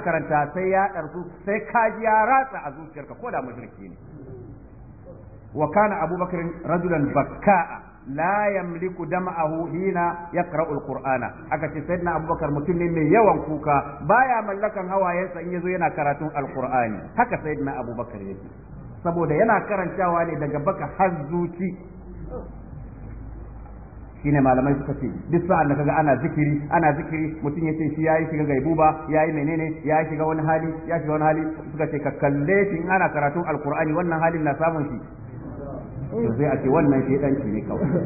karanta sai ya ɗarsu sai kaji ya ratsa a zuciyarka ko da mushriki ne wa kana abubakar rajulan bakka'a la yamliku dam'ahu hina yaqra'u alqur'ana aka ce sayyidina abubakar mutum ne mai yawan kuka baya mallakan hawayensa in yazo yana karatun alqur'ani haka sayyidina abubakar yake saboda yana karantawa ne daga baka har zuci shine malamai suka ce duk sa'an da kaga ana zikiri ana zikiri mutum ya ce shi yayi shiga gaibuba yayi menene ya shiga wani hali ya shiga wani hali suka ce ka kalle shi in ana karatun alqur'ani wannan halin na samun shi to sai a ce wannan shedanci ne kawai